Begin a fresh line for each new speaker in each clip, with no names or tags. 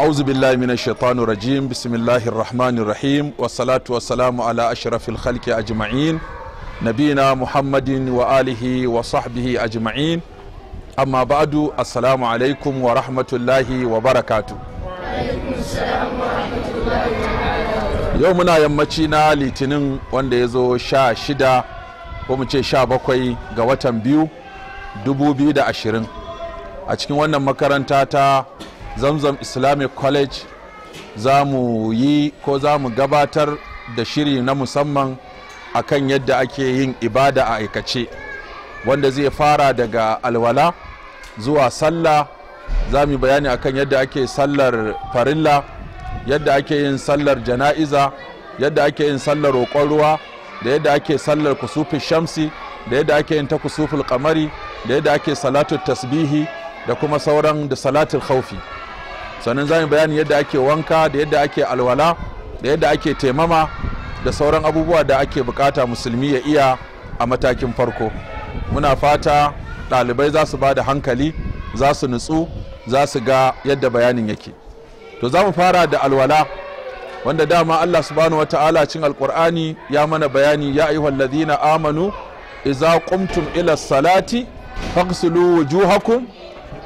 Awzubillahiminai shaitanur rajim. Bisimillahirrahamannirrahim. Wasalatu wasalamu a la'a sharafin halki a jima'i Nabina Muhammadin wa'alihi wa sɔhbihi a jima'i. Amma badu asalamu alaikum wa rahmatullahi wa barakatu. Yawancin yawanci na litinin wanda ya zo sha shida, kuma mu ce sha bakwai ga watan biyu dubu biyu da ashirin. A cikin wannan makarantar ta. zamzam islamic college za mu yi ko za mu gabatar da shiri na musamman a kan yadda ake yin ibada a aikace wanda zai fara daga alwala zuwa sallah za mu bayani a kan yadda ake sallar farilla yadda ake yin sallar jana'iza yadda ake yin sallar roƙon ruwa da yadda ake sallar kusufin shamsi da yadda ake yin ta kusufin kamari da yadda ake salatu tasbihi da kuma sauran da salatul khaufi sannan za mu bayani yadda ake wanka da yadda ake alwala da yadda ake taimama da sauran abubuwa da ake bukata musulmi ya iya a matakin farko muna fata ɗalibai za su ba da hankali za su nutsu za su ga yadda bayanin yake to za mu fara da alwala wanda dama allah subhanahu wa ta'ala cin alkur'ani ya mana bayani ya ayyuhal ladina amanu iza qumtum ila salati faksulu wujuhakum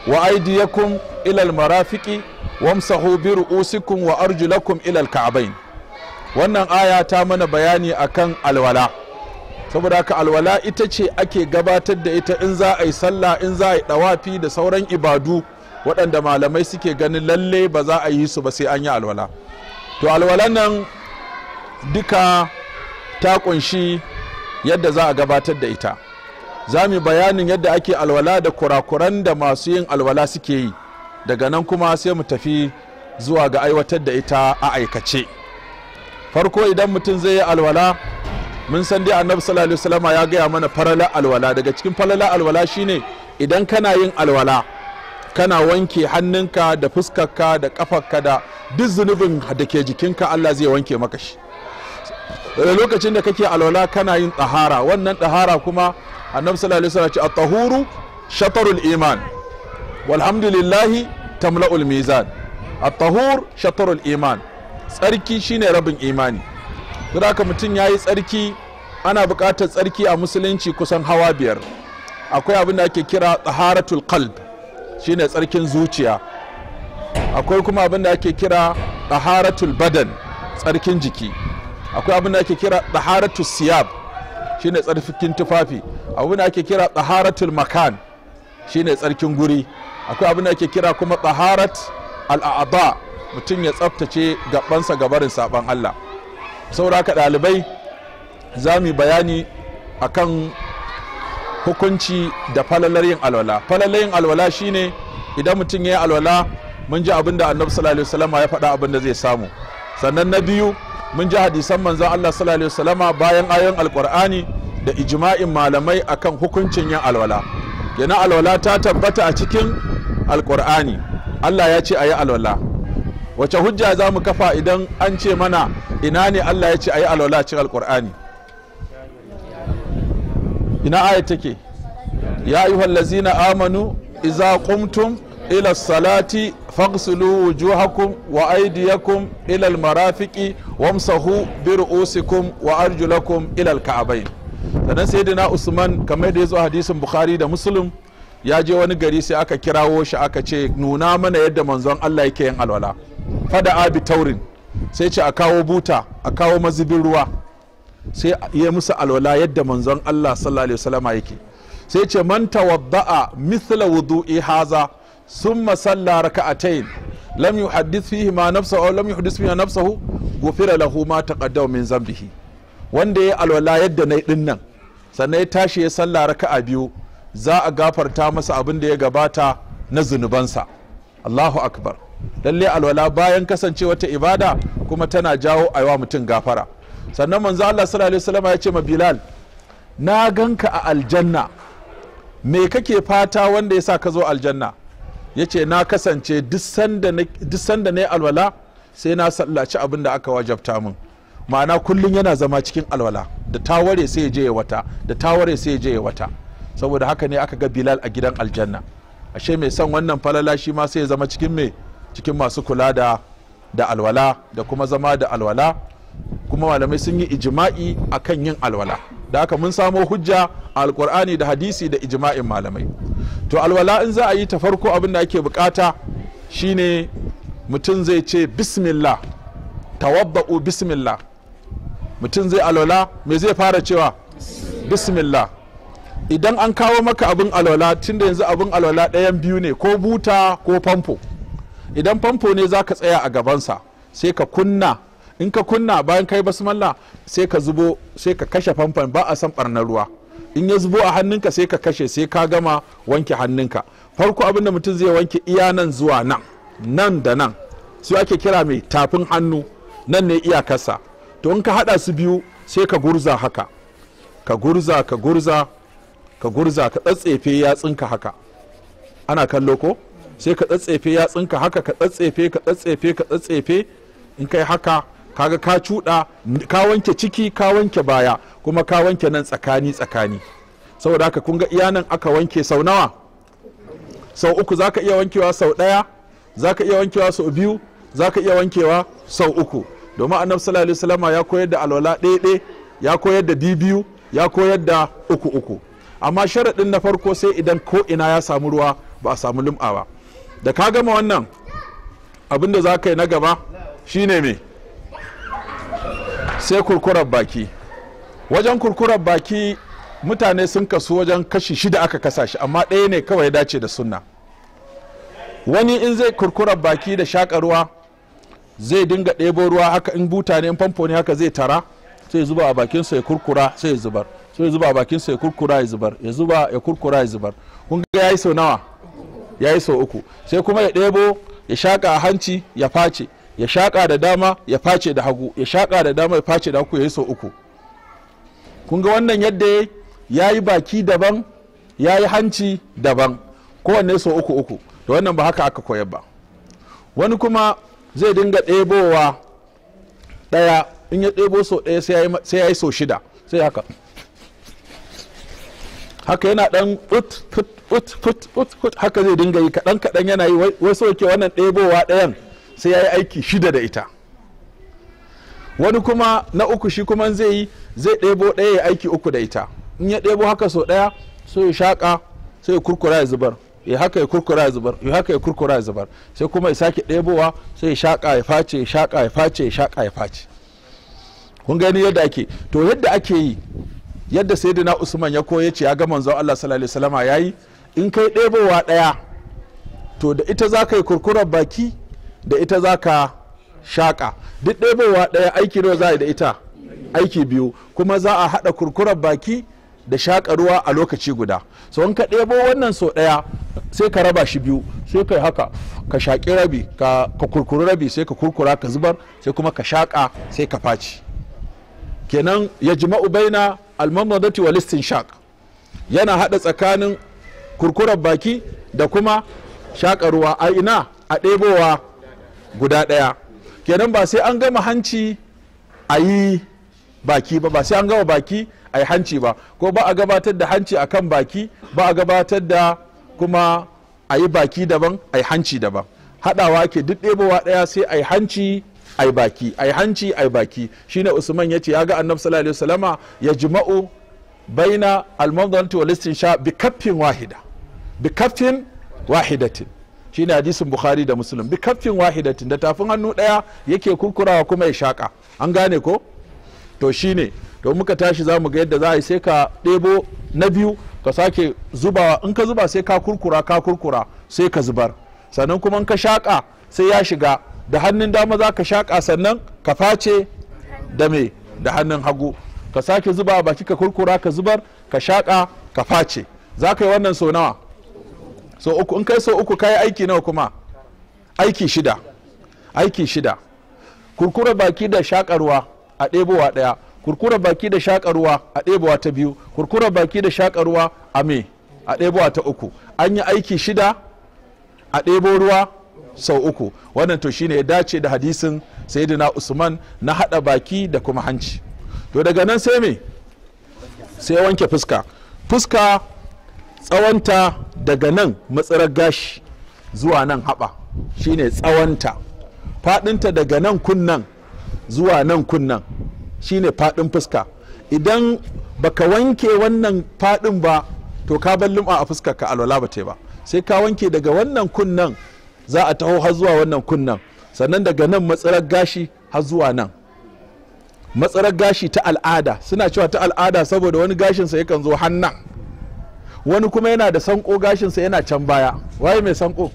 wa aidiyakum ila almarafiqi wamsahu bi ru'usikum wa arjulakum ila al-ka'bayn wannan aya ta mana bayani akan alwala saboda haka alwala ita ce ake gabatar da ita in za a yi sallah in za a yi dawafi da sauran ibadu waɗanda malamai suke ganin lalle ba za a yi su ba sai an yi alwala to alwalan nan duka ta kunshi yadda za a gabatar da ita za mu bayanin yadda ake alwala da kurakuran da masu yin alwala suke yi daga nan kuma sai mu tafi zuwa ga aiwatar da ita a aikace farko idan mutum zai yi alwala mun san dai annabi sallallahu alaihi wasallama ya gaya mana farala alwala daga cikin falala alwala shine idan kana yin alwala kana wanke hannunka da fuskarka da kafarka da duk zunubin da ke jikinka Allah zai wanke maka shi lokacin da kake alwala kana yin tsahara wannan tsahara kuma annabi sallallahu alaihi wasallam ce at-tahuru shatarul iman walhamdulillahi tamla'ul mizan at-tahur shatarul iman tsarki shine rabin imani don haka mutum ya yi tsarki ana buƙatar tsarki a musulunci kusan hawa biyar akwai abin da ake kira taharatul qalb shine tsarkin zuciya akwai kuma abin da ake kira taharatul badan tsarkin jiki akwai abin da ake kira taharatul siyab shine tsarkin tufafi abin da ake kira taharatul makan shine tsarkin guri akwai abin da ake kira kuma tsaharat al'aba mutum ya tsaftace gabansa gabarin saban Allah saboda haka ɗalibai za mu bayani akan hukunci da falalar yin alwala falalar yin alwala shine idan mutum ya yi alwala mun ji abin da annabi sallallahu alaihi ya faɗa abin da zai samu sannan na biyu mun ji hadisan manzon Allah sallallahu alaihi bayan ayoyin alqur'ani da ijma'in malamai akan hukuncin yin alwala yana alwala ta tabbata a cikin alkur'ani Allah ya ce a yi alwala wace hujja za mu kafa idan an ce mana ina ne Allah ya ce a yi alwala cikin alkur'ani ina aya take ya yi hallazina amanu iza kumtum ila salati fagsulu wujuhakum wa aidiyakum ila almarafiqi wamsahu bi ru'usikum wa kaabai ila alka'abain sannan sayyidina usman kamar da ya zo hadisin bukhari da muslim ya je wani gari sai aka kirawo shi aka ce nuna mana yadda manzon Allah yake yin alwala fada abi taurin sai ce a kawo buta a kawo mazubin ruwa sai ya musu alwala yadda manzon Allah sallallahu alaihi wasallama yake sai ce man tawadda'a mithla wudu'i haza summa salla raka'atayn lam yuhaddith fihi ma nafsahu aw lam yuhaddith fihi nafsahu lahu ma taqaddama min zambihi wanda ya alwala yadda nayi dinnan sannan ya tashi ya salla raka'a biyu za a gafarta masa abin da ya gabata na zunubansa Allahu akbar lalle alwala bayan kasance wata ibada kuma tana jawo a wa mutum gafara sannan manzo Allah sallallahu alaihi ya ce ma Bilal na ganka a aljanna me kake fata wanda yasa ka zo aljanna yace na kasance duk sanda ne alwala sai na sallaci abin da aka wajabta min ma'ana kullum yana zama cikin alwala da taware sai ya je ya wata da taware sai ya je ya wata saboda haka ne aka ga bilal a gidan aljanna ashe mai son wannan falala shi ma sai ya zama cikin mai cikin masu kula da da alwala da kuma zama da alwala kuma malamai sun yi ijima'i kan yin alwala da haka mun samo hujja a alkur'ani da hadisi da ijima'in malamai to alwala in za a yi ta farko abin da ake bukata shine mutum zai ce bismillah tawabba'u bismillah mutum zai alwala me zai fara cewa bismillah idan an kawo maka abin alwala tun da yanzu abin alwala ɗayan biyu ne ko buta ko famfo idan famfo ne za ka tsaya a gabansa sai ka kunna in ka kunna bayan kai basmalla sai ka zubo sai ka kashe famfon ba a san barnar ruwa in ya zubo a hannunka sai ka kashe sai ka gama wanke hannunka farko abin da mutum zai wanke iya nan zuwa nan nan da nan su ake kira mai tafin hannu nan ne iyakarsa to in ka hada su biyu sai ka gurza haka ka gurza ka gurza ka gurza ka tsatsefe yatsunka haka ana kallo ko sai ka tsatsefe yatsunka haka ka tsatsefe ka tsatsefe ka tsatsefe in kai haka kaga ka cuda, ka wanke ciki ka wanke baya kuma ka wanke nan tsakani tsakani saboda haka kun ga iya aka wanke sau nawa sau uku zaka iya wankewa sau ɗaya zaka iya wankewa sau biyu zaka iya wankewa sau uku domin annabi sallallahu alaihi ya koyar da alwala ɗaya ya koyar da biyu ya koyar da uku uku amma sharaɗin na farko sai idan ko ina ya samu ruwa ba a samu lum'a ba da ka gama wannan abin da za ka yi na gaba shine mai sai kurkurar baki wajen kurkurar baki mutane sun kasu wajen kashi shida aka kasa shi amma ɗaya ne kawai ya dace da sunna wani in zai kurkurar baki da shaƙa ruwa zai dinga ɗebo ruwa haka in buta ne in famfo ne haka zai tara sai zuba a bakinsa ya kurkura sai zubar so ya zuba bakin bakinsa ya kurkura ya zubar ya zuba ya kurkura ya zubar kun ga yayi sau nawa yayi sau uku sai kuma ya ɗebo ya shaka a hanci ya face ya shaka da dama ya face da hagu ya shaka da dama ya face da hagu ya yi sau uku kun ga wannan yadda ya yi baki daban ya yi hanci daban kowanne sau uku uku da wannan ba haka aka koyar ba wani kuma zai dinga ɗebowa ɗaya in ya ɗebo sau ɗaya sai ya yi sau shida sai haka haka yana dan ut fut ut fut ut haka zai dinga yi kaɗan kaɗan yana yi wai soke wannan ɗebowa ɗayan sai ya yi aiki shida da ita wani kuma na uku shi kuma zai yi zai ɗebo ɗaya ya aiki uku da ita in ya ɗebo haka sau ɗaya sai ya shaƙa sai ya kurkura ya zubar ya haka ya kurkura ya zubar ya haka ya kurkura ya zubar sai kuma ya sake ɗebowa sai ya shaƙa ya face ya shaƙa ya face ya shaƙa ya face kun gani yadda ake to yadda ake yi yadda sayyidina usman ya koya ce ya ga manzon Allah sallallahu alaihi wasallama yayi in kai ɗebowa ɗaya to da ita za ka yi kurkurar baki da ita za ka shaƙa duk ɗebowa ɗaya aiki nawa za a yi da ita aiki biyu kuma za a haɗa kurkurar baki da shaƙa ruwa a lokaci guda so in ka ɗebo wannan sau ɗaya sai ka raba shi biyu sai ka haka ka shaƙi rabi ka kurkuri rabi sai ka kurkura ka zubar sai kuma ka shaƙa sai ka faci kenan ya jima'u baina almamadati Listin istinshaq yana hada tsakanin kurkurar baki da kuma shaƙa ruwa a ina a ɗebowa guda ɗaya kenan ba sai an gama hanci a yi baki ba ba sai an gama baki a yi hanci ba ko ba a gabatar da hanci a kan baki ba a gabatar da kuma a yi baki daban a yi hanci daban haɗawa ke duk ɗebowa ɗaya sai a yi hanci ai baki ai hanci ai baki shine usman yace ya ga annabi sallallahu alaihi wasallama ya jima'u baina al-mawdhati wal istinsha bi kaffin wahida bi kaffin wahidatin shine hadisin bukhari da muslim bi kaffin wahidatin da tafin hannu daya yake kurkurawa kuma ya shaka an gane ko to shine to muka tashi za mu ga yadda za a yi sai ka ɗebo na biyu ka sake zubawa in ka zuba sai ka kurkura ka kurkura sai ka zubar sannan kuma in ka shaka sai ya shiga da hannun dama za ka shaƙa sannan ka face da me da hannun hagu ka sake zuba baki ka kurkura ka zubar ka shaƙa ka face za ka yi wannan sau nawa so uku in kai sau uku ka yi aiki nawa kuma aiki shida aiki shida kurkura baki da shaƙarwa a ɗebowa ɗaya kurkura baki da shaƙarwa a ɗebowa ta biyu kurkura baki da shaƙarwa a me a ɗebowa ta uku an yi aiki shida a ɗebo ruwa sau uku wannan to shine ya dace da hadisin sayyidina usman na hada baki da kuma hanci to daga nan sai me sai wanke fuska fuska tsawonta daga nan matsarar gashi zuwa nan haɓa shine tsawonta faɗinta daga nan kunnan zuwa nan kunnan shine faɗin fuska idan baka wanke wannan faɗin ba to ka bar lum'a a fuskar ka alwala ba ba sai ka wanke daga wannan kunnan za a taho har zuwa wannan kunnan sannan daga nan matsarar gashi har zuwa nan matsarar gashi ta al'ada suna cewa ta al'ada saboda wani gashinsa yakan zo hannan wani kuma yana da sanko gashinsa yana can baya waye mai sanko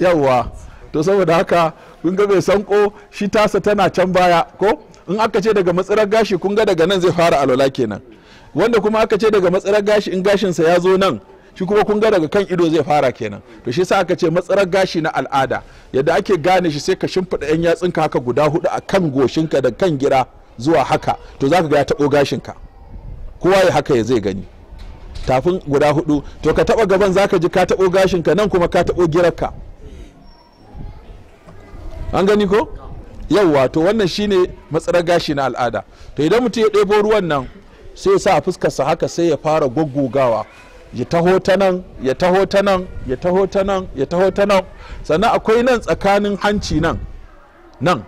yawwa to saboda haka kun ga mai sanko shi tasa tana can baya ko in aka ce daga matsarar gashi kun ga daga nan zai fara alwala kenan wanda kuma aka ce daga matsarar gashi in gashinsa ya zo nan shi kuma kun ga daga kan ido zai fara kenan to shi sa aka ce matsarar gashi na al'ada yadda ake gane shi sai ka shimfiɗa yan yatsunka haka guda hudu a kan goshinka da kan gira zuwa haka to ka ga ya taɓo gashinka kowa ya haka ya zai gani tafin guda hudu to ka taɓa gaban za ka ji ka taɓo gashinka nan kuma ka taɓo girarka an gani ko yauwa to wannan shine matsarar gashi na al'ada to idan mutum ya ɗebo ruwan nan sai ya sa a fuskarsa haka sai ya fara goggogawa ya taho ta nan ya taho ta nan ya taho ta nan ya taho ta nan sannan akwai nan tsakanin hanci nan nan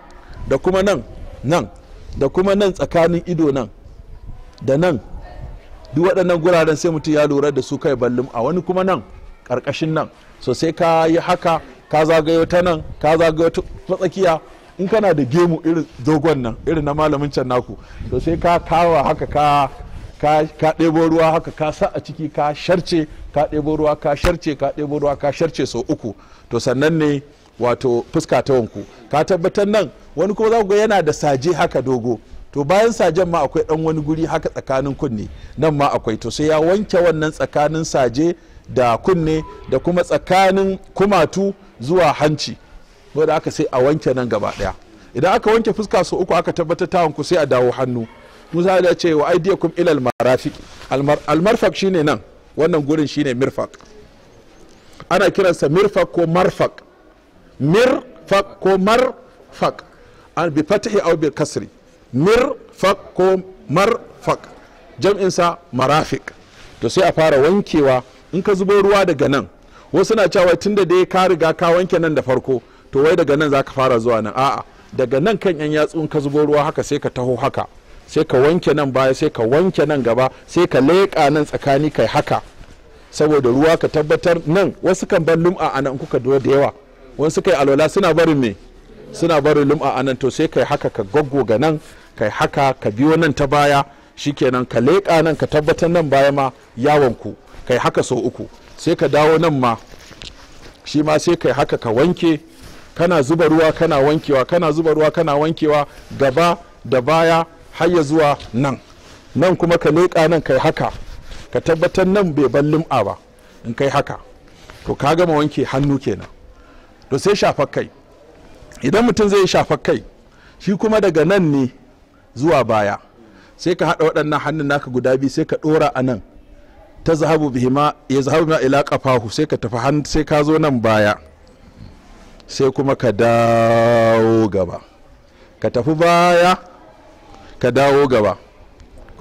da kuma nan nan da kuma nan tsakanin ido nan da nan duk waɗannan guraren sai mutum ya lura da su kai ballum a wani kuma nan ƙarƙashin nan so sai ka yi haka ka zagayo ta nan ka zagayo ta tsakiya in kana da gemu irin dogon nan irin na malamin can naku to sai ka kawo haka ka ka ɗebo ruwa haka ka sa a ciki ka sharce ka ɗebo ruwa ka sharce ka ɗebo ruwa ka sharce sau uku to sannan ne wato fuska ta wanku ka tabbatar nan wani kuma za ku ga yana da saje haka dogo to bayan sajen ma akwai ɗan wani guri haka tsakanin kunne nan ma akwai to sai ya wanke wannan tsakanin saje da kunne da kuma tsakanin kumatu zuwa hanci da aka sai a wanke nan gaba ɗaya idan aka wanke fuska sau uku aka tabbatar ta wanku sai a dawo hannu musa ya ce wa aidiya aidiyakum ilal marafiq almarfaq shine nan wannan gurin shine mirfaq ana kiransa mirfaq ko marfaq mirfaq ko marfaq an bi fatihi aw bil kasri mirfaq ko marfaq jam'in sa to sai a fara wankewa in ka zubo ruwa daga nan wasu na cewa tunda da ka riga ka wanke nan da farko to wai daga nan za ka fara zuwa nan a'a daga nan kan yan yatsu in ka zubo ruwa haka sai ka taho haka sai ka wanke nan baya sai ka wanke nan gaba sai ka leƙa nan tsakani kai haka saboda ruwa ka tabbatar nan wasu kan bar lum'a a nan kuka da yawa wasu kai alwala suna barin me suna barin lum'a a nan to sai kai haka ka ga nan kai haka ka biyo nan ta baya shikenan ka leƙa nan ka tabbatar nan baya ma yawon ku kai haka sau uku sai ka dawo nan ma shi ma sai kai haka ka wanke kana zuba ruwa kana wankewa kana zuba ruwa kana wankewa gaba da baya har ya zuwa nan nan kuma ka leƙa nan kai haka ka tabbatar nan bai ban lim'a ba in kai haka to ka gama wanke hannu kenan to sai shafar idan mutum zai shafar kai shi kuma daga nan ne zuwa baya sai ka haɗa waɗannan hannun naka guda biyu sai ka ɗora a nan ta zahabu bihima ya zahabu ma ila ƙafahu sai ka tafi hannu sai ka zo nan baya sai kuma ka dawo gaba ka tafi baya ka dawo gaba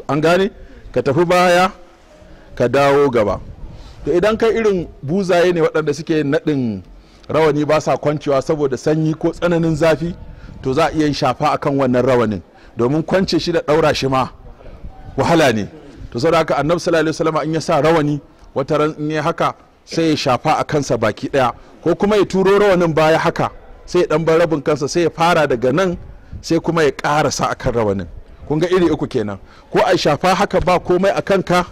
an gane ka tafi baya ka dawo gaba to idan kai irin buzaye ne waɗanda suke naɗin rawani ba sa kwancewa saboda sanyi ko tsananin zafi to za a iya shafa akan wannan rawanin domin kwance shi da ɗaura shi ma wahala ne to saboda haka annabi sallallahu alaihi wasallam in ya sa rawani wata ran in ya haka sai ya shafa a kansa baki ɗaya ko kuma ya turo rawanin baya haka sai ya ɗan bar rabin kansa sai ya fara daga nan sai kuma ya ƙarasa akan rawanin kun ga iri uku kenan ko a shafa haka ba komai a kanka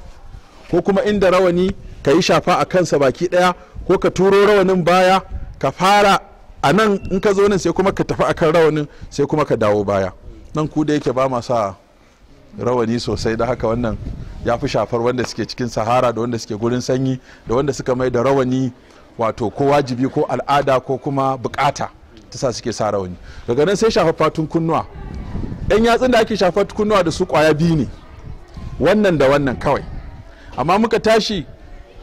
ko kuma inda rawani ka yi shafa a kansa baki daya ko ka turo rawanin baya ka fara a nan in ka zo nan sai kuma ka tafi akan rawanin sai kuma ka dawo baya nan ku da yake ba ma sa rawani sosai da haka wannan ya fi shafar wanda suke cikin sahara da wanda suke gurin sanyi da wanda suka mai da rawani wato ko wajibi ko al'ada ko kuma bukata ta sa suke sa rawani daga nan sai shafa fatun kunnuwa yan yatsun da ake shafa tukunnuwa da su kwaya biyu ne wannan da wannan kawai amma muka tashi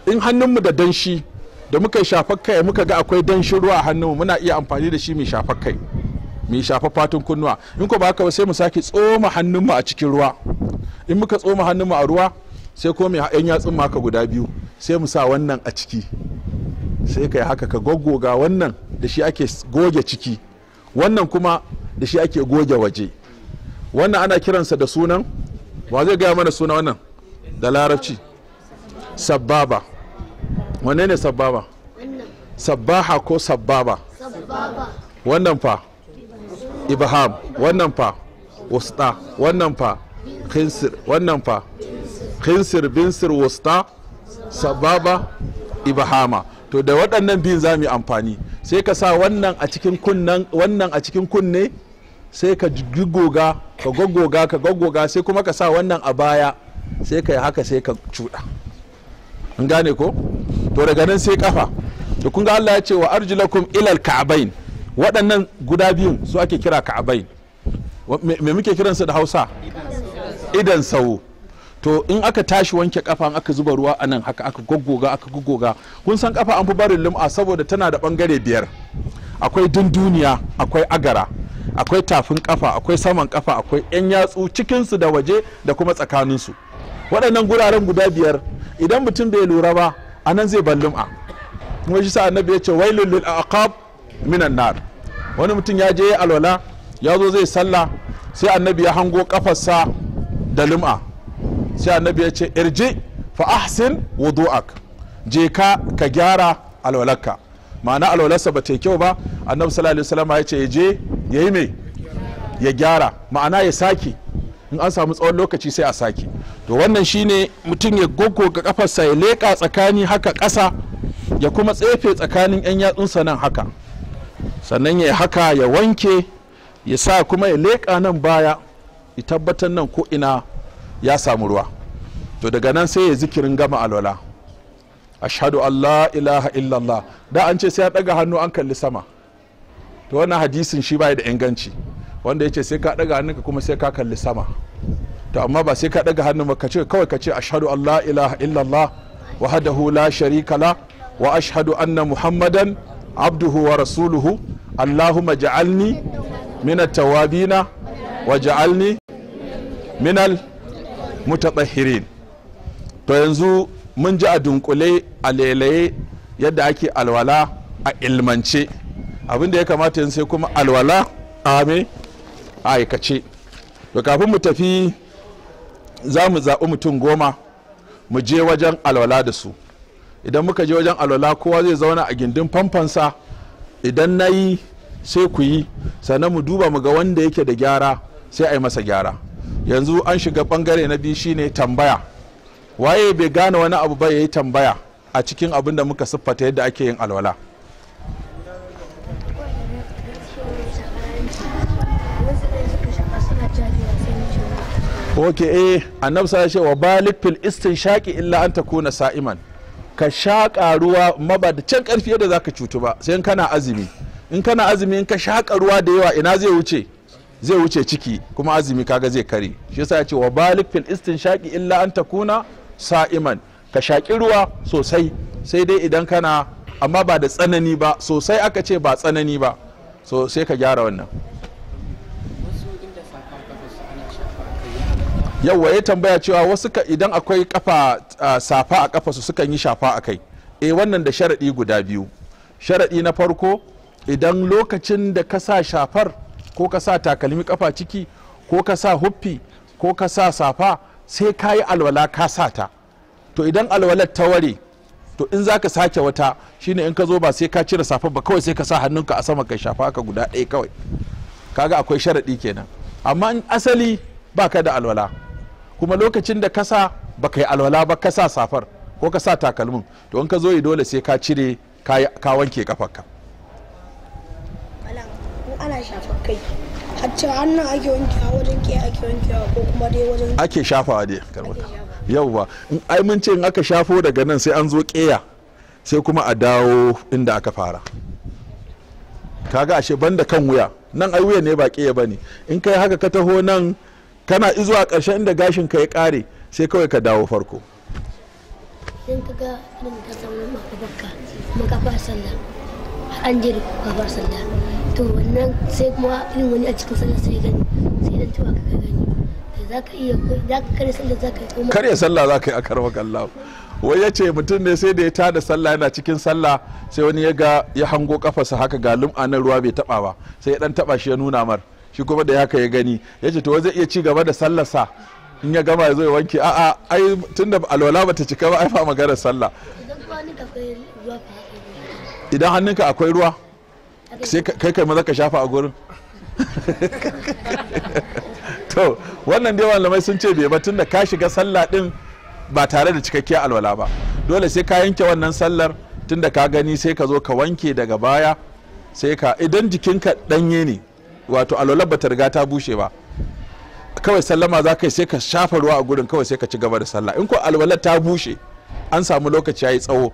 in hannunmu da danshi da muka shafa kai muka ga akwai danshin ruwa a hannunmu muna iya amfani da shi mai shafar kai mai shafa fatun kunnuwa in ko ba haka ba sai mu sake tsoma hannunmu a cikin ruwa in muka tsoma hannunmu a ruwa sai ko mai yan yatsun maka guda biyu sai mu sa wannan a ciki sai kai haka ka goggoga wannan da shi ake goge ciki wannan kuma da shi ake goge waje wannan ana kiransa da sunan wa zai gaya mana suna wannan da larabci sababa wanne ne sababa sabbaha ko sababa wannan fa ibaham wannan fa wusta wannan fa khinsir wannan fa khinsir binsir wusta sababa ibahama to da waɗannan biyun za mu yi amfani sai ka sa wannan a cikin kunne sai ka goga ka goggoga ka goggoga sai kuma ka sa wannan a baya sai ka yi haka sai ka cuɗa an gane ko to daga nan sai kafa to kun ga Allah ya ce wa arjulakum ilal ka'bayn waɗannan guda biyun su ake kira ka'bayn me muke kiransu da Hausa idan sawo to in aka tashi wanke kafa an aka zuba ruwa anan haka aka goggoga aka goggoga kun san kafa an fi barin lum'a saboda tana da bangare biyar akwai dunduniya akwai agara akwai tafin kafa akwai saman kafa akwai yan yatsu cikinsu da waje da kuma tsakaninsu waɗannan guraren guda biyar idan mutum bai lura ba a nan zai ballum'a kuma shi sa annabi ya ce wailul lil aqab minan nar wani mutum ya je alwala ya zo zai sallah sai annabi ya hango kafarsa da lum'a sai annabi ya ce irji fa ahsin wudu'ak je ka ka gyara alwalarka ma'ana alwalarsa ba ta yi kyau ba annabi sallallahu alaihi wasallam ya ce ya je ya yi mai ya gyara ma'ana ya sake in an samu tsawon lokaci sai a sake to wannan shine mutum ya goggo ga kafarsa ya leka tsakani haka ƙasa ya kuma tsefe tsakanin 'yan yatsunsa nan haka sannan ya haka ya wanke ya sa kuma ya leka nan baya ya tabbatar nan ko ina ya samu ruwa to daga nan sai ya zikirin gama alwala Ashadu allah ilaha illallah da an ce sai ya daga hannu an kalli sama to wannan hadisin shi bai da inganci wanda yace sai ka daga hannunka kuma sai ka kalli sama to amma ba sai ka daga hannun ba kace kawai kace ashadu allah ilaha illallah wahdahu la sharika la wa ashhadu anna muhammadan abduhu wa rasuluhu allahumma ja'alni min at-tawabina wa ja'alni min al-mutatahhirin to yanzu mun ji a dunkule a lelaye yadda ake alwala a ilmance abin da ya kamata yin sai kuma alwala a a aikace to kafin mu tafi za mu zaɓi mutum goma mu je wajen alwala da su idan muka je wajen alwala kowa zai zauna a gindin famfansa idan na yi sai ku yi sannan mu duba mu ga wanda yake da gyara sai a yi masa gyara yanzu an shiga bangare na biyu shine tambaya waye bai gane wani abu ba ya yi tambaya a cikin abin da muka siffata yadda ake yin alwala ok eh annabi sa ce wa balik fil istinshaqi illa an takuna sa'iman ka shaƙa ruwa can ƙarfi yadda zaka cutu ba sai in kana azumi in kana azumi in ka shaƙa ruwa da yawa ina zai wuce zai wuce ciki kuma azumi kaga zai kare shi yasa ya ce wa balik fil istinshaqi illa an takuna sa'iman ka shaƙi ruwa sosai sai dai idan kana amma ba da tsanani ba sosai aka ce ba tsanani ba so sai ka gyara wannan Yau ya tambaya cewa wasu idan akwai kafa safa a kafa su sukan yi shafa a kai e wannan da sharaɗi guda biyu sharaɗi na farko idan lokacin da ka sa shafar ko ka sa takalmi kafa ciki ko ka sa huffi ko ka sa safa sai ka yi alwala ka sa ta to idan alwalar ta ware to in za ka sake wata shine in ka zo ba sai ka cire safa ba kawai sai ka sa hannunka a sama ka shafa ka guda ɗaya kawai kaga akwai sharaɗi kenan amma in asali ba ka da alwala kuma lokacin da ka sa ba ka yi alwala ba ka sa safar ko ka sa takalmin to in ka zo yi dole sai ka cire ka wanke kafarka
ana shafar kai ce ake wankewa wajen ko kuma dai wajen
ake shafawa dai karbata yau ba ai mun ce in aka shafo daga nan sai an zo keya sai kuma a dawo inda aka fara kaga ashe banda kan wuya nan ai wuya ne ba keya ne in kai haka ka taho nan kana izuwa ƙarshen inda gashin ka ya ƙare sai kawai ka dawo farko
in ka ga an je da makabar sallah to wannan sai kuma irin wani a cikin sallah sai gani sai dan tuwa ka gani za ka iya za ka kare sallah za ka yi kuma kare
sallah za ka yi karba makallahu wai ya ce mutum ne sai da ya tada sallah yana cikin sallah sai wani ya ga ya hango kafarsa haka ga lum'a nan ruwa bai taba ba sai ya dan taba shi ya nuna mar shi kuma da haka ya gani ya ce to zai iya ci gaba da sallarsa in ya gama ya zo ya wanke a'a ai tunda alwala bata cika ba ai fa maganar sallah idan hannunka akwai ruwa sai kai kai maza ka shafa a gurin to wannan dai malamai sun ce bai batun da ka shiga sallah din ba tare da cikakkiyar alwala ba dole sai ka yanke wannan sallar tunda ka gani sai ka zo ka wanke daga baya sai ka idan jikinka danye ne wato alwala ba ta riga ta bushe ba kawai sallama za ka sai ka shafa ruwa a gurin kawai sai ka ci gaba da sallah in ko alwala ta bushe an samu lokaci ya yi tsawo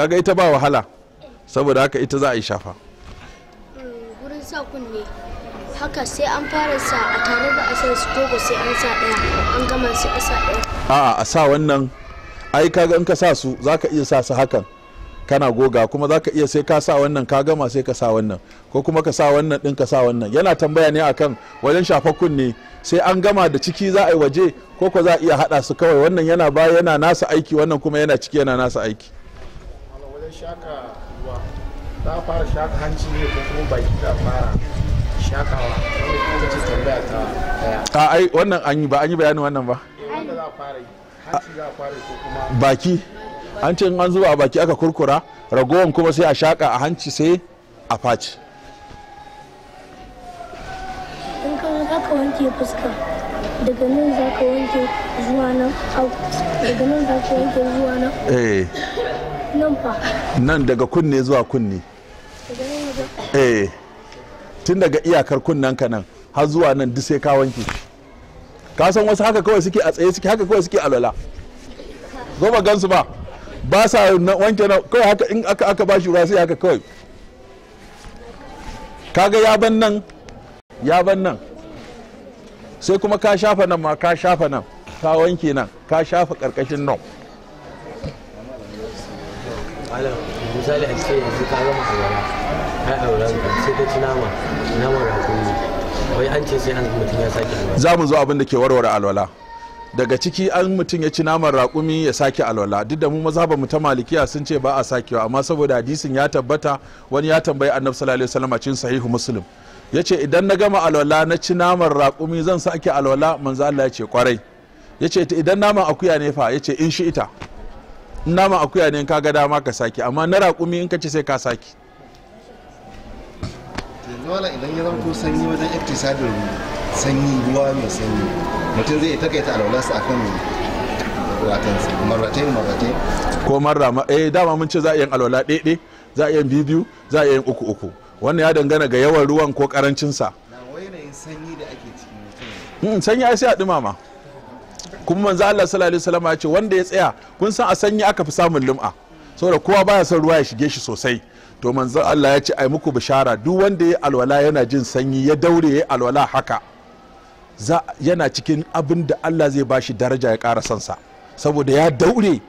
kaga ita ba wahala saboda haka ita za a yi shafa
gurin sa kunne haka sai an fara sa a tare da asar su togo sai an sa daya an gama su a sa ɗaya
a'a a sa wannan ai kaga in ka sa su za ka iya sa su hakan kana goga kuma za ka iya sai ka sa wannan ka gama sai ka sa wannan ko kuma ka sa wannan din ka sa wannan yana tambaya ne akan wajen shafa kunne sai an gama da ciki za a yi waje ko ko za a iya hada su kawai wannan yana ba yana nasa aiki wannan kuma yana ciki yana nasa aiki shaka ruwa fara shaka hanci ne ko kuma baki fara
shakawa wanda tambaya ta daya
a ai wannan an yi ba an yi bayanin wannan ba eh, wanda za a fara hanci za a fara ko kuma baki an ce an zuba a baki aka kurkura ragowan kuma sai a shaka a hanci sai a faci
in ka aka wanke fuska daga nan za ka wanke zuwa nan daga nan za ka wanke zuwa nan
eh. nan daga kunne zuwa kunne eh tun daga iyakar kunnen ka nan har zuwa nan duk sai ka wanke ka san wasu haka kawai suke a tsaye suke haka kawai suke alwala goma gansu ba ba sa wanke nan kawai haka in aka aka ba shi ruwa sai haka kawai kaga ya ban nan ya ban nan sai kuma ka shafa nan ma ka shafa nan ka wanke nan ka shafa karkashin nan
malam misali a ce yanzu ka gama auren ka sai ka ci nama nama wai an ce sai an mutum ya sake alwala
za mu zo abin da ke warware alwala daga ciki an mutum ya ci naman raƙumi ya sake alwala duk da mu maza ba mu ta malikiya sun ce ba a sakewa amma saboda hadisin ya tabbata wani ya tambayi annabi sallallahu alaihi wasallam cikin sahihu muslim yace idan na gama alwala na ci naman raƙumi zan sake alwala manzo Allah ya ce kwarai yace idan naman akuya ne fa yace in shi ita nama akuya ne in ka ga dama ka saki amma na raƙumi in ka ci sai ka saki
dole idan ya zanto sanyi wajen iktisadin sanyi ruwa mai sanyi mutum zai takaita alwalarsa akan
watansa marrate marrate ko marra eh dama mun ce za a yi alwala ɗaiɗe za a yi biyu za a yi uku uku wannan ya dangana ga yawan ruwan ko karancinsa na wai yanayin sanyi da ake ciki mutum mm, sanyi ai sai a dumama kuma manzo Allah sallallahu alaihi wasallam ya ce wanda ya tsaya kun san a sanyi aka fi samun lum'a saboda kowa baya son ruwa ya shige shi sosai to manzo Allah ya ce ai muku bishara duk wanda ya alwala yana jin sanyi ya daure ya alwala haka za yana cikin abin da Allah zai bashi daraja ya ƙara sa. saboda ya daure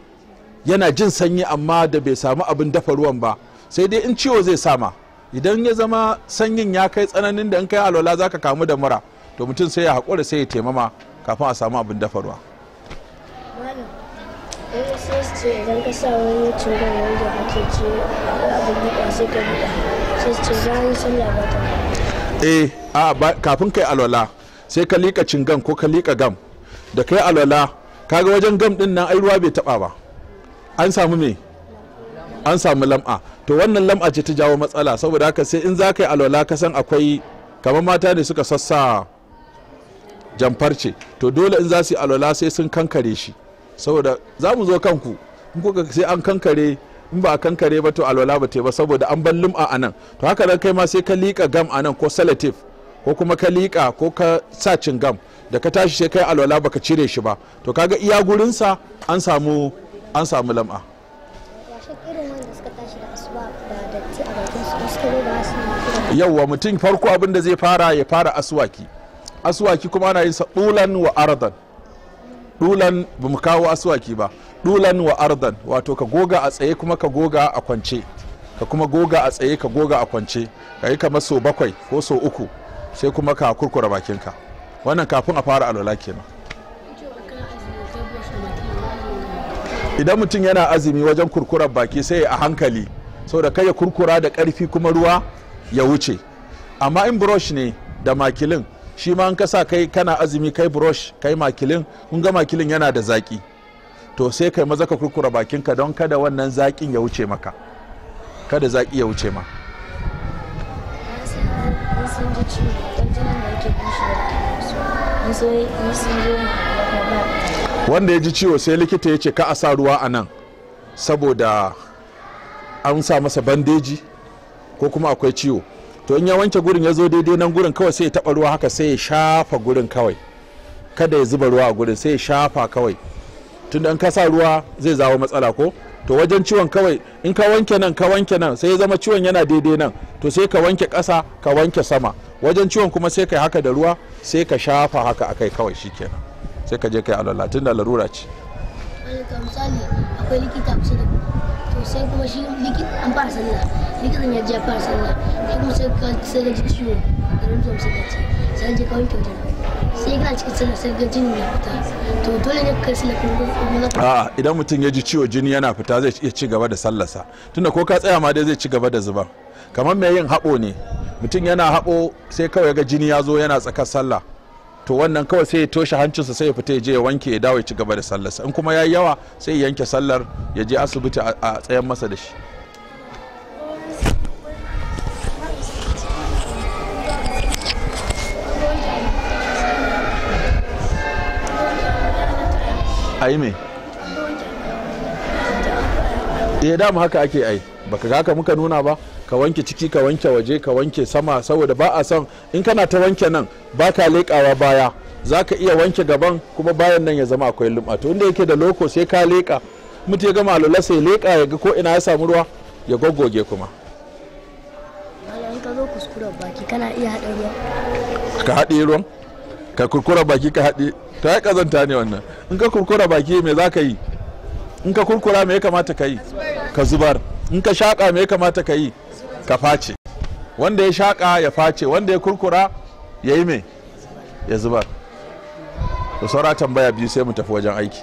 yana jin sanyi amma da bai samu abin dafa ruwan ba sai dai in ciwo zai sama idan ya zama sanyin ya kai tsananin da in kai alwala zaka kamu da mura to mutum sai ya haƙura sai ya taimama kafin a samu abin dafa ruwa eh, eh a kafin kai alwala sai ka liƙa cingan ko ka lika gam da kai alwala kaga wajen gam din nan ai ruwa bai taba ba an samu me an samu lam'a to wannan lam'a ce ta jawo matsala saboda haka sai in za ka yi alwala ka san akwai kamar mata ne suka sassa jamfar ce to dole in za su yi alwala sai sun kankare shi saboda za mu zo kanku in kuka sai an kankare in ba kankare ba to alwala ba ba saboda an ban lum'a a nan to haka nan kai ma sai ka liƙa gam a nan ko salatif ko kuma ka liƙa ko ka sa cin gam da ka tashi sai kai alwala baka cire shi ba to kaga iya gurinsa an samu an samu lam'a yauwa mutum farko abin da zai fara ya fara aswaki asuwaki kuma ana yin sa dulan wa ardan dulan ba mu kawo asuwaki ba dulan wa ardan wato ka goga a tsaye kuma ka goga a kwance ka kuma goga a tsaye ka goga a kwance ka yi kamar so bakwai ko so uku sai kuma ka kurkura bakinka wannan kafin a fara alwala kenan idan mutum yana azumi wajen kurkurar baki sai a hankali sau da kai ya kurkura da karfi kuma ruwa ya wuce amma in brush ne da makilin shi ma an kasa kai kana azumi kai brush kai makilin kun ga makilin yana da zaki to sai kai maza ka kurkura bakinka don kada wannan zakin ya wuce maka kada zaki ya wuce ma wanda ya ji ciwo sai likita ya ce ka a sa ruwa a nan saboda an sa masa bandeji ko kuma akwai ciwo to in ya wanke gurin ya zo daidai nan gurin kawai sai ya taba ruwa haka sai ya shafa gurin kawai kada ya zuba ruwa a gurin sai ya shafa kawai tunda in ka sa ruwa zai zawo matsala ko to wajen ciwon kawai in ka wanke nan ka wanke nan sai ya zama ciwon yana daidai nan to sai ka wanke ƙasa ka wanke sama wajen ciwon kuma sai kai haka da ruwa sai ka shafa haka akai kawai shikenan sai ka je kai alalla tunda larura ce
eh, akwai likita kusa da kuma shi an fara sallah likitan ya ji a fara sallah sai kuma sai ga ji ciwo da nan zuwa masallaci sai je kawai kyautar sai kana cikin sallah sai fita dole ne
kai idan mutum ya ji ciwo jini yana fita zai iya ci gaba da sallarsa tunda ko ka tsaya ma dai zai ci gaba da zuba kamar mai yin haɓo ne mutum yana haɓo sai kawai ga jini ya zo yana tsakar sallah to wannan kawai sai ya toshe hancinsa sai ya fita ya je ya wanke ya dawo ya ci gaba da sallarsa in kuma ya yi yawa sai ya yanke sallar ya je asibiti a tsayan masa da shi a yi me ya eh, dama haka ake ai baka haka muka nuna ba ka wanke ciki ka wanke waje ka wanke sama saboda ba a son in kana ta wanke nan ba ka leƙawa baya za ka iya wanke gaban kuma bayan nan ya zama akwai lum'a to inda yake da loko sai ka leƙa mutu ya gama alula sai leƙa ya ga ko ina ya samu ruwa ya goggoge kuma
ka zo kuskuren baki kana iya haɗa ruwan
ka haɗe ruwan ka kurkura baki ka haɗe ta yi ƙazanta ne wannan in ka kurkura baki me za ka yi in ka kurkura me ya kamata ka yi ka zubar in ka shaƙa me ya kamata ka yi ka face wanda ya shaƙa ya face wanda ya kurkura ya yi mai ya zubar da saura tambaya biyu sai mu tafi wajen aiki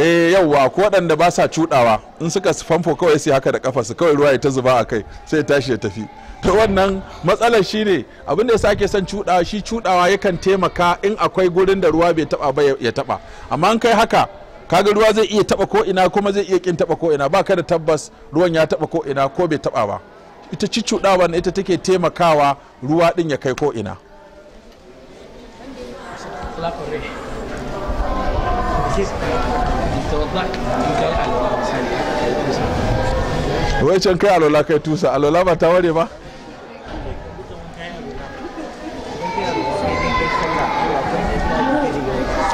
eh yauwa ko waɗanda ba sa cuɗawa in suka famfo kawai su haka da kafa su kawai ruwa ya ta zuba a kai sai ya tashi ya tafi to wannan matsalar shi ne abin da ya sake son cuɗawa shi cuɗawa yakan taimaka in akwai gurin da ruwa bai taɓa ba ya taɓa amma in kai haka kaga ruwa zai iya taba ko ina kuma zai iya kin taba ko ina baka da tabbas ruwan ya taba ko ina ko bai taba ba ita cicudawa ne ita take taimakawa ruwa din ya kai ko ina kai alola kai tusa alola ba ta ware ba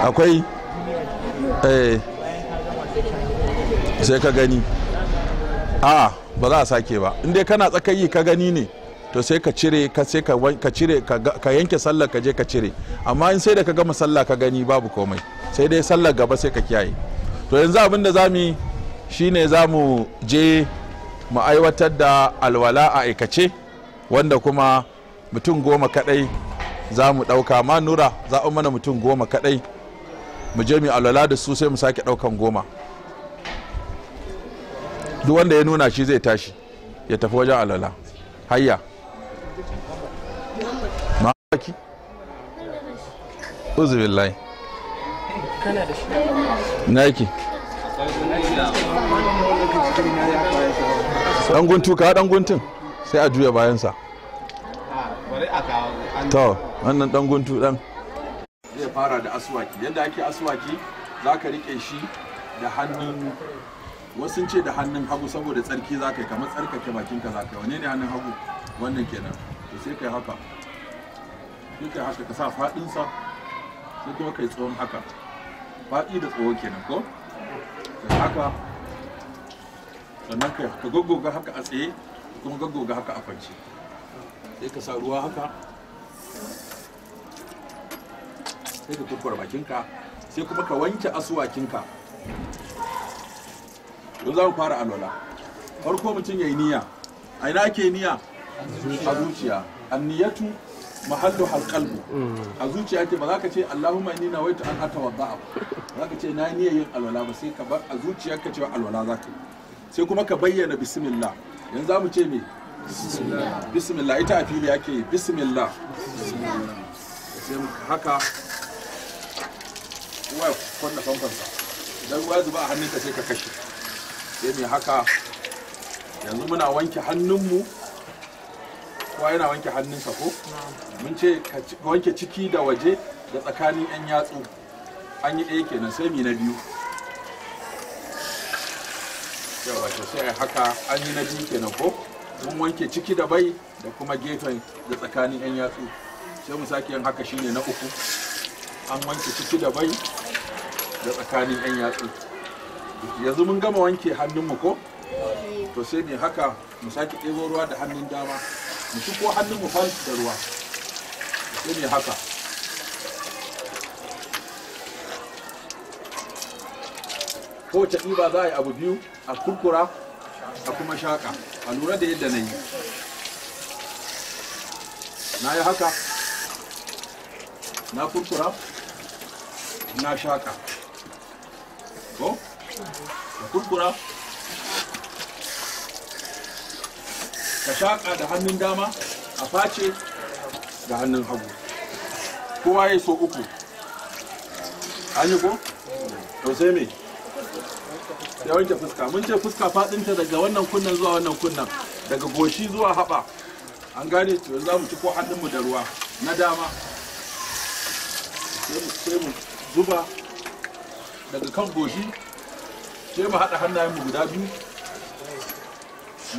akwai Eh, sai ka gani a ba za a sake ba in dai kana tsakayi ka gani ne to sai ka cire ka cire ka yanke sallar ka je ka cire amma in sai da ka gama sallah ka gani babu komai sai dai sallar gaba sai ka kiyaye to yanzu abin da zamu yi shine zamu je mu aiwatar da alwala a aikace wanda kuma mutum goma kadai za mu ɗauka ma nura za mana mutum goma kadai mu je mu alwala da su sai mu sake ɗaukan goma duk wanda ya nuna shi zai tashi ya tafi wajen alwala hayya mamaki uzubillahi na yake dan guntu ka dan guntun sai a juya bayansa ah, to wannan dan guntu dan fara da aswaki yadda ake aswaki za ka riƙe shi da hannun wasu ce da hannun hagu saboda tsarki za ka yi kamar tsarkake bakinka za ka yi wane ne hannun hagu wannan kenan to sai ka yi haka sai ka yi haka ka sa faɗinsa sai kuma ka yi tsawon haka faɗi da tsawon kenan ko ka haka sannan ka gaggoga haka a tsaye kuma gaggoga haka a kwance sai ka sa ruwa haka sai ka kurkura bakinka sai kuma ka wanke asuwakinka yanzu za mu fara alwala farko mutum ya yi niyya a ina ke niyya a zuciya niyatu mahallu halqalbu a zuciya ke ba za ka ce allahumma inni nawaitu an atawadda ba za ka ce na niyyar yin alwala ba sai ka bar a zuciya ka ce alwala za ka yi sai kuma ka bayyana bismillah yanzu za mu ce me bismillah ita a fili ake bismillah sai mu haka ruwa ya kwanna famfansa idan ruwa zuba a hannunka sai ka kashe sai mai haka yanzu muna wanke hannunmu kowa yana wanke hannunsa ko mun ce ka wanke ciki da waje da tsakanin yan yatsu an yi ɗaya kenan sai mi na biyu yawa to haka an yi na biyu kenan ko mun wanke ciki da bai da kuma gefen da tsakanin yan yatsu sai mu sake yin haka shine na uku an wanke ciki da bai da tsakanin yan yatsu yanzu mun gama wanke hannunmu ko to sai ne haka mu sake ɗebo ruwa da hannun dama mu shi ko hannunmu fan da ruwa sai ne haka kowace ɗiba za a yi abu biyu a kurkura a kuma shaƙa a lura da yadda na yi na yi haka na kurkura na shaka ko ka kurkura ka shaka da hannun dama a face da hannun hagu kowa ya so uku an yi ko? to sai me sai wanke fuska mun ce fuska fadinta daga wannan kunnan zuwa wannan kunnan daga goshi zuwa haba an gane to za mu ci ko hannunmu da ruwa na dama sai mu zuba daga kan goshi sai mu haɗa hannayenmu guda biyu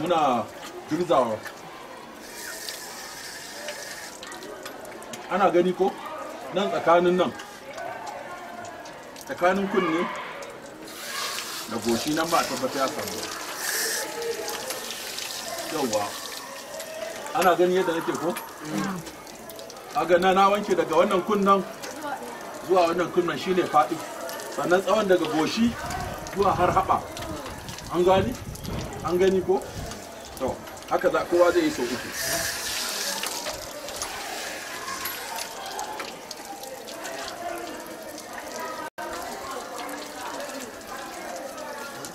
muna girzawa ana gani ko nan tsakanin nan tsakanin kunne da goshi nan ba a tabbata ya samu yauwa ana gani yadda nake ko mm. aga na wanke daga wannan kunnen zuwa wannan kunnan shine faɗi sannan tsawon daga goshi zuwa har haɓa an gani an gani ko to haka za kowa zai yi so uku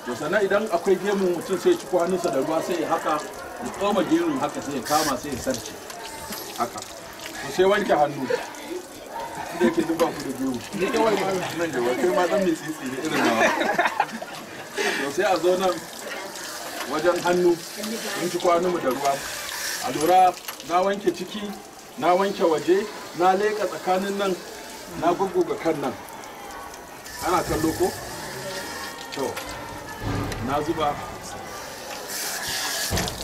to sannan idan akwai gemun mutum sai ci hannunsa da ruwa sai ya haka ya tsoma gemun haka sai ya kama sai ya sarce haka to sai wanke hannu biyu irin sai a zo nan wajen hannu mun ci kwanu mu da ruwa a lura na wanke ciki na wanke waje na leƙa tsakanin nan na gugguga kan nan ana kallo ko to na zuba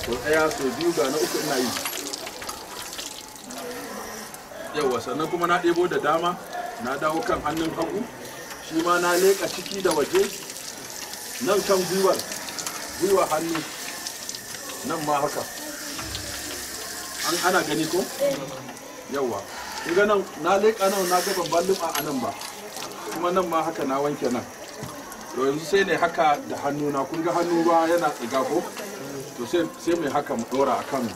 sau ɗaya sau biyu ga na uku ina yi yawa sannan kuma na ɗebo da dama na dawo kan hannun hagu shi ma na leƙa ciki da waje nan kan gwiwar gwiwa hannu nan ma haka an ana gani ko yawa ga nan na leƙa nan na gaban babban a nan ba kuma nan ma haka na wanke nan to yanzu sai ne haka da hannu na kun ga hannu ba yana tsiga ko to sai mai haka mu ɗora akan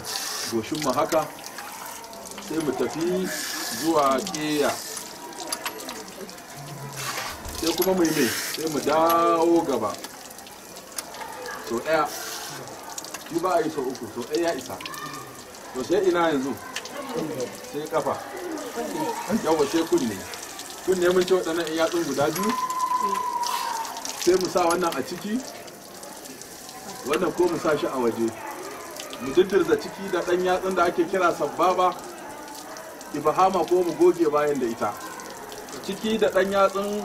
goshin mu haka sai mu tafi zuwa keya sai kuma mu yi mai sai mu dawo gaba so ɗaya shi ba a yi so uku so ɗaya isa to sai ina yanzu sai kafa yawa sai kunne kunne mun ce waɗannan in yatsun guda biyu sai mu sa wannan a ciki wannan ko mu sa shi a waje mu diddirza ciki da ɗan yatsun da ake kira sababa. ibahama ko mu goge bayan da ita ciki da ɗan yatsun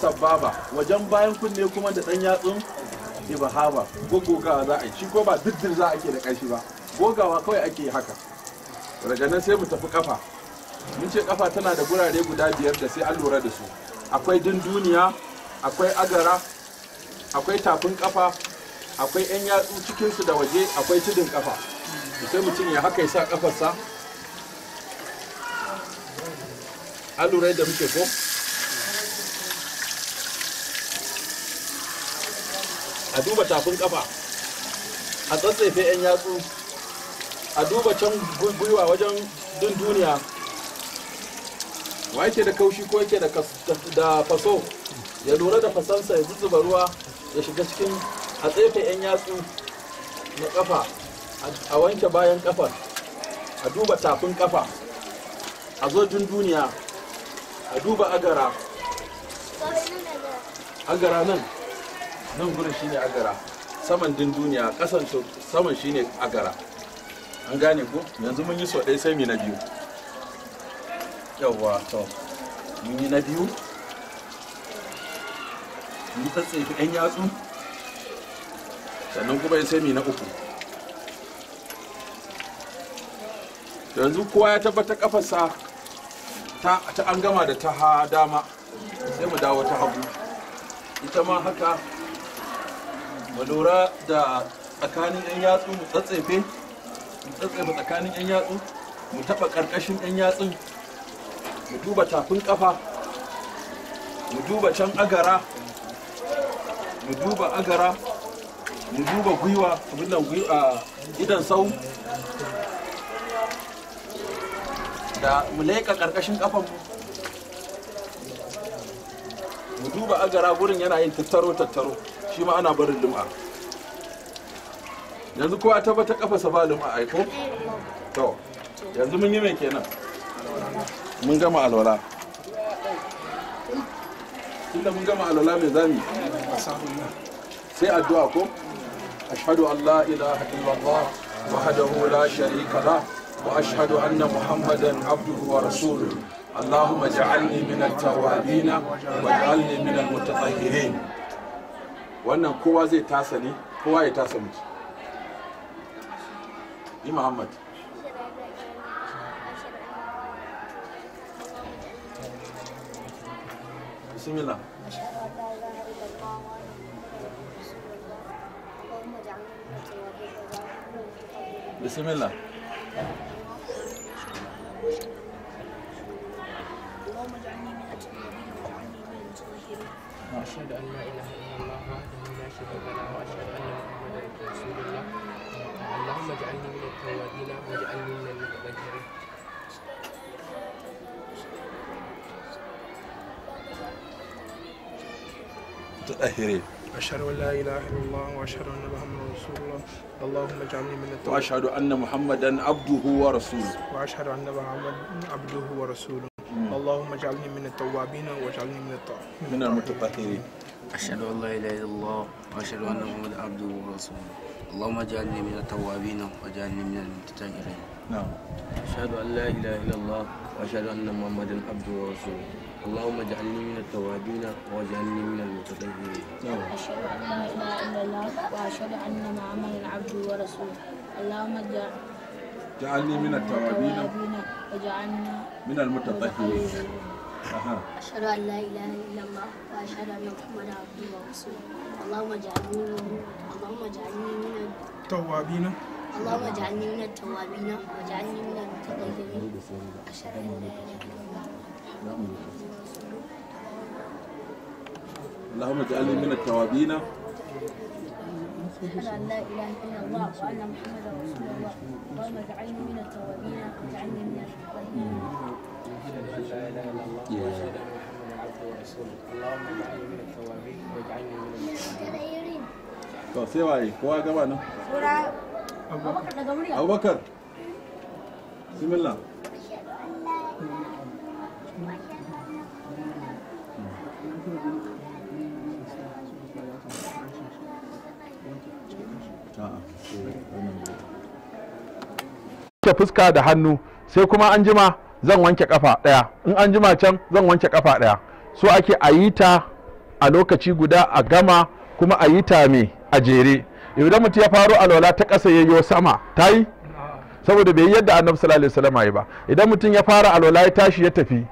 sababa wajen bayan kunne kuma da ɗan yatsun ibahama gogoga za a yi shi ko ba diddir za a ke da kashi ba gogawa kawai ake haka daga nan sai mu tafi kafa mun ce kafa tana da gurare guda biyar da sai an lura da su akwai dunduniya akwai agara akwai tafin kafa akwai 'yan yatsu cikinsu da waje akwai tudun kafa sai mutum ya haka ya sa kafarsa alurai lura yadda muke ko a duba tafin kafa a tsatsefe 'yan yatsu a duba can gwiwa wajen din duniya wa yake da kaushi ko yake da faso ya lura da fasansa ya zuzzuba ruwa ya shiga cikin a tsefe 'yan yatsu na kafa a wanke bayan kafar a duba tafin kafa a zo duniya a duba agara agara nan nan gurin shine agara saman din duniya kasan saman shine agara an gane ko yanzu mun yi so ɗaya sai mu na biyu yawwa to mun yi na biyu mun tsatsefi ɗan yatsu sannan kuma sai mu na uku yanzu kowa ya tabbatar kafarsa ta an gama da ta dama sai mu dawo ta hagu ita ma haka mu lura da tsakanin yan yatsu mu tsatsefe mu tsatsefe tsakanin yan yatsu mu taba karkashin yan yatsun mu duba tafin kafa mu duba can agara mu duba agara mu duba gwiwa abin gwiwa idan sau da mu leƙa ƙarƙashin ƙafan mu mu duba agara gurin yana yin tattaro tattaro shi ma ana barin lum'a yanzu kowa ta bata kafasa ba lum'a aiko to yanzu mun yi mai kenan mun gama alwala tunda mun gama alwala mai zami sai addu'a ko ashhadu an la ilaha illallah wahdahu la sharika lah وأشهد أن محمدا عبده ورسوله اللهم اجعلني من التوابين واجعلني من المتطهرين wannan kowa zai tasa ne kowa ya tasa mutu yi muhammad bismillah
وأشهد أن لا إله إلا الله وحده لا شريك له وأشهد أن محمدا رسول الله اللهم اجعلني من التوابين واجعلني من المتبرعين
متأهرين أشهد أن لا إله إلا الله وأشهد أن محمدا
رسول الله اللهم اجعلني من التوابين وأشهد
أن محمدا عبده ورسوله وأشهد أن محمدا عبده ورسوله اللهم اجعلني من التوابين واجعلني من
من المتطهرين أشهد أن لا إله إلا الله وأشهد أن محمدا عبده ورسوله اللهم اجعلني من التوابين واجعلني من المتطهرين نعم أشهد أن لا إله إلا الله وأشهد أن محمدا عبده ورسوله اللهم اجعلني من التوابين
واجعلني من المتطهرين نعم أشهد
أن لا إله إلا الله وأشهد أن محمدا عبده ورسوله اللهم
اجعلني من التوابين
واجعلني
من المتطهرين
أشهد أن لا إله إلا الله وأشهد أن محمدا عبده ورسوله اللهم اجعلني اللهم اجعلني من
التوابين
اللهم اجعلني من التوابين واجعلني من المتطهرين أشهد أن لا إله إلا الله
اللهم اجعلني من التوابين
أشهد أن لا إله إلا الله وأن محمدا رسول الله اللهم اجعلني من التوابين واجعلني من المتطهرين أشهد أن لا إله إلا الله وأشهد أن محمدا عبده ورسوله اللهم اجعلني من التوابين واجعلني من طيب المتطهرين
to sai waye kowa gaba nan abubakar الله ta fuska da hannu sai kuma an jima zan wanke kafa daya in an jima can zan wanke kafa daya so ake a yi ta a lokaci guda a gama kuma a yi ta me a jere idan mutum ya faro alwala ta ƙasa ya yayyo sama ta yi saboda bai yadda annabi sallallahu alaihi wasallam yi ba idan mutum ya fara alwala ya tashi ya tafi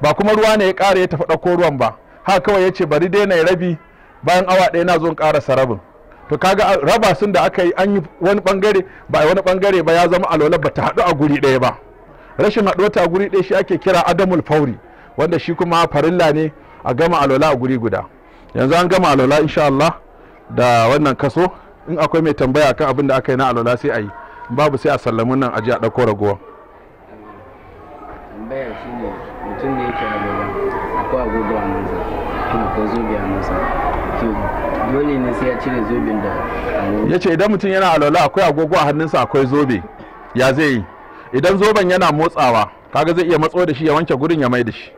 ba kuma ruwa ne ya ƙara ya tafi ɗauko ruwan ba haka kawai ya ce bari dai na rabi bayan awa ɗaya na zo in sarabin rabin to kaga raba sun da aka yi an yi wani bangare ba wani bangare ba ya zama alwala ba ta haɗu a guri ɗaya ba rashin haɗuwata a guri ɗaya shi ake kira adamul fauri wanda shi kuma farilla ne a gama alwala a guri guda yanzu an gama alwala insha Allah da wannan kaso in akwai mai tambaya kan abin da aka yi na alwala sai a yi babu sai a sallamin nan a ji a ɗauko ragowa
tambayar shi ne mutum ne yake alwala akwai agogo a masa
ko zobe a masa dole ne sai ya cire zobin da ya ce idan mutum yana alola akwai agogo a hannunsa akwai zobe ya zai yi idan zoben yana motsawa kaga zai iya matso da shi ya wanke gurin ya mai da shi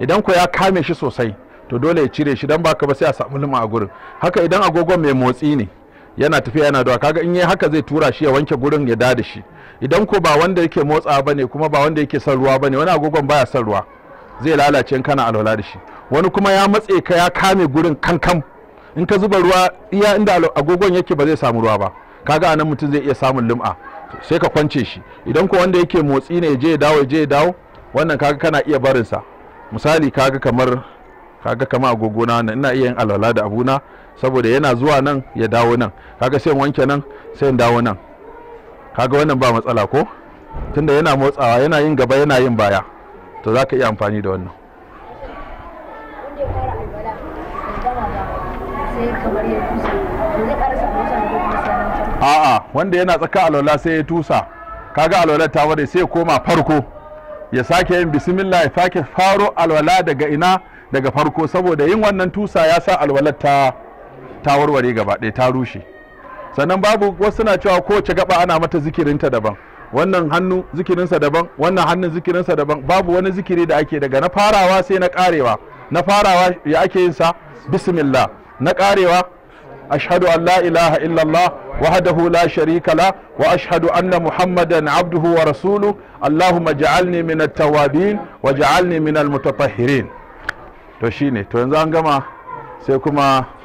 idan ko ya kame shi sosai to dole ya cire shi dan baka ba sai a samu lima a gurin haka idan agogon mai motsi ne yana tafiya yana dawa kaga in yi haka zai tura shi ya wanke gurin ya da da shi idan ko ba wanda yake motsa bane kuma ba wanda yake son ruwa bane wani agogon baya son ruwa zai lalace in kana alola da shi wani kuma ya matse ka ya kame gurin kankan in ka zuba ruwa iya inda agogon yake ba zai samu ruwa ba kaga anan mutum zai iya samun lum'a sai ka kwance shi idan ko wanda yake motsi ne je ya dawo je ya dawo wannan kaga kana iya barinsa misali kaga kamar kaga kamar agogo na ina iya yin alwala da abuna saboda yana zuwa nan ya dawo nan kaga sai wanke nan sai dawo nan kaga wannan ba matsala ko tunda yana motsawa yana yin gaba yana yin baya to za ka iya amfani da wannan a'a wanda yana tsaka alwala sai ya tusa kaga alwala ta ware sai ya koma farko ya sake yin bismillah ya sake faro alwala daga ina daga farko saboda yin wannan tusa ya sa alwalar ta ta warware gaba ɗaya ta rushe sannan babu wasu na cewa kowace gaba ana mata zikirinta daban wannan hannu zikirinsa daban wannan hannun zikirinsa daban babu wani zikiri da ake daga na farawa sai na karewa na farawa ya ake yin sa bismillah na karewa أشهد أن لا إله إلا الله وحده لا شريك له وأشهد أن محمدا عبده ورسوله اللهم اجعلني من التوابين واجعلني من المتطهرين to shine to yanzu an gama sai kuma